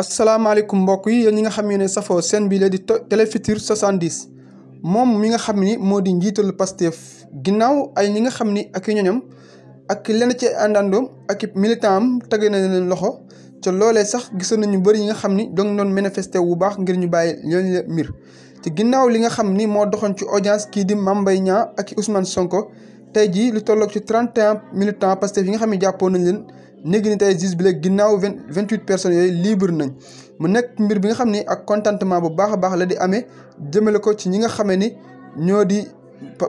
asalaamaaleykum mbokk yi yéen ñi nga xam ne safoo seen bi la di Télé Futur 70 moom mi nga xam ni moo di njiitalu Pastef ginnaaw ay ñi nga xam ni ak i ñoñam ak lenn ci àndandoom ak i militant am tege na leen loxo ca loolee sax gisoon nañu bëri ñi nga xam ni doon doon manifester wu baax ngir ñu bàyyi leen mbir te ginnaaw li nga xam ni moo doxoon ci audience kii di Mame Mbaye Niang ak Ousmane Sonko tey jii lu tolloog ci 31 militant Pastef yi nga xam ne jàppoon nañ leen. néegi ni tey juge bi la ginnaaw vingt vingt huit personnes yooyu libre nañ mu nekk mbir bi nga xam ni ak contentement bu baax a baax di amee jëmale ko ci ñi nga xamee ni ñoo di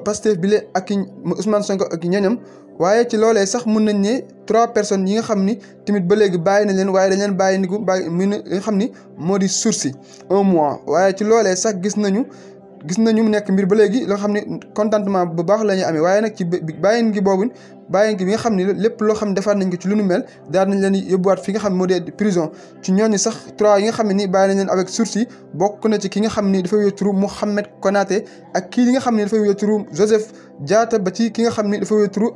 Pastef bi la ak i Ousmane ak ñañam waaye ci loolee sax mun nañ ne trois personnes yi nga xam ni tamit ba léegi bàyyi nañ leen waaye dañ leen bàyyi ni ku mu ne xam ni moo di sursis un mois waaye ci loolee sax gis nañu gis nañu mu nekk mbir ba léegi loo xam ni contentement bu baax la ñuy amee waaye nag ci bàyyin ngi boobu bàyyi ngi bi nga xam ne lépp loo xam ne defaat nañ ko ci lu nu mel daal nañ leen yóbbuwaat fi nga xam ne moo dee prison ci ñooñu sax trois yi nga xam ne nii bàyyi nañ leen avec sursis bokk na ci ki nga xam ni dafa wéy turu Mouhamed Konaté ak kii li nga xam ne dafa wéy turu Joseph ba ci ki nga xam ni dafa wéy turu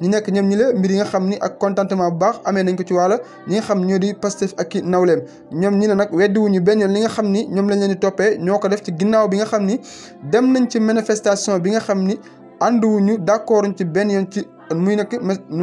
ñu nekk ñoom ñi la mbir yi nga xam ni ak contentement bu baax amee nañ ko ci wàlla ñi nga xam ñoo di Pastef ak ki nawleem ñoom ñi la nag weddiwuñu benn yoon li nga xam ni ñoom lañ leen di toppee ñoo ko def ci ginnaaw bi nga xam ni dem nañ ci manifestation bi nga xam ni ànduwuñu d'accord ci benn yoon ci muy nekk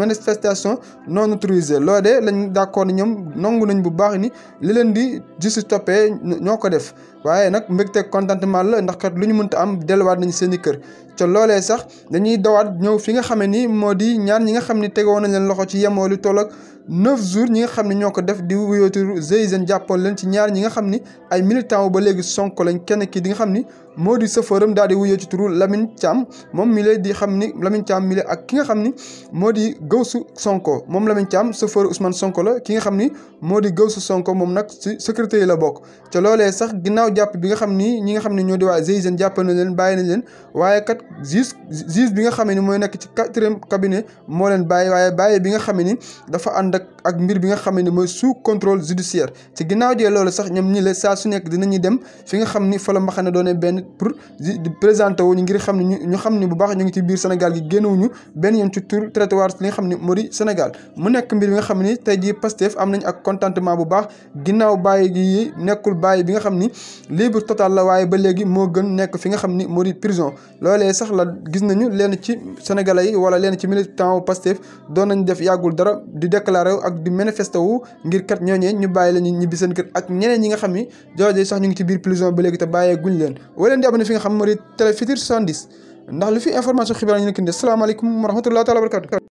manifestation non autorisée loolu de lañ d'accord ñoom nangu nañ bu baax ni li leen di justice toppee ñoo ko def waaye nag mbégte contentement la ndax kat lu ñu mënta am delluwaat nañ seen i kër ca loolee sax dañuy dawaat ñëw fi nga xam ne ni moo di ñaar ñi nga xam ne tegoon nañ leen loxo ci yemoo lu toll ak neuf jours nga xam ne ñoo ko def di wuyootu GIGN jàppoon leen ci ñaar ñi nga xam ni ay militant wu ba léegi Sonko lañ kenn ki di nga xam ni moo di sëfëram daal di wuyoo ci turu Lamine Thiam moom mi di xam ni Lamine Thiam mi ak ki nga xam ni moo di Gawsu Sonko moom Lamine Thiam sëfër Ousmane Sonko la ki nga xam ni moo di Gawsu Sonko moom nag ci secrétaire yi la bokk ca loolee sax ginnaaw ginnaaw jàpp bi nga xam ni ñi nga xam ne ñoo di waa GIGN na leen bàyyi nañ leen waaye kat juge nga xam ne mooy nekk ci quatrième cabinet moo leen bàyyi waaye bàyyi bi nga xam ni dafa ànd ak ak mbir bi nga xam ne mooy sous contrôle judiciaire ci ginnaaw jee loolu sax ñoom ñi la saa su nekk dinañuy dem fi nga xam ni fa la mbaxane doone benn pour di présenté wu ñu ngir xam ne ñu xam ni bu baax ñu ngi ci biir Sénégal gi génnewuñu benn yoon ci tur traité waar li nga xam ne moo di Sénégal mu nekk mbir bi nga xam ni tey jii Pastef am nañ ak contentement bu baax ginnaaw bàyyi gi nekkul bàyyi bi nga xam ni libre total la waaye ba léegi moo gën nekk fi nga xam ni moo di prison loolee sax la gis nañu lenn ci sénégalais yi wala leen ci militant wu Pastef doon nañ def yàggul dara di déclaré wu ak di manifesté wu ngir kat ñooñee ñu bàyyi la ñu ñibbi seen kër ak ñeneen ñi nga xam ni joojee sax ñu ngi ci biir prison ba léegi te bàyyee guñ leen wala leen di abonné fi nga xam moo di Télé Futur ndax lu fi information xibaar ñu nekk nii salaamaaleykum wa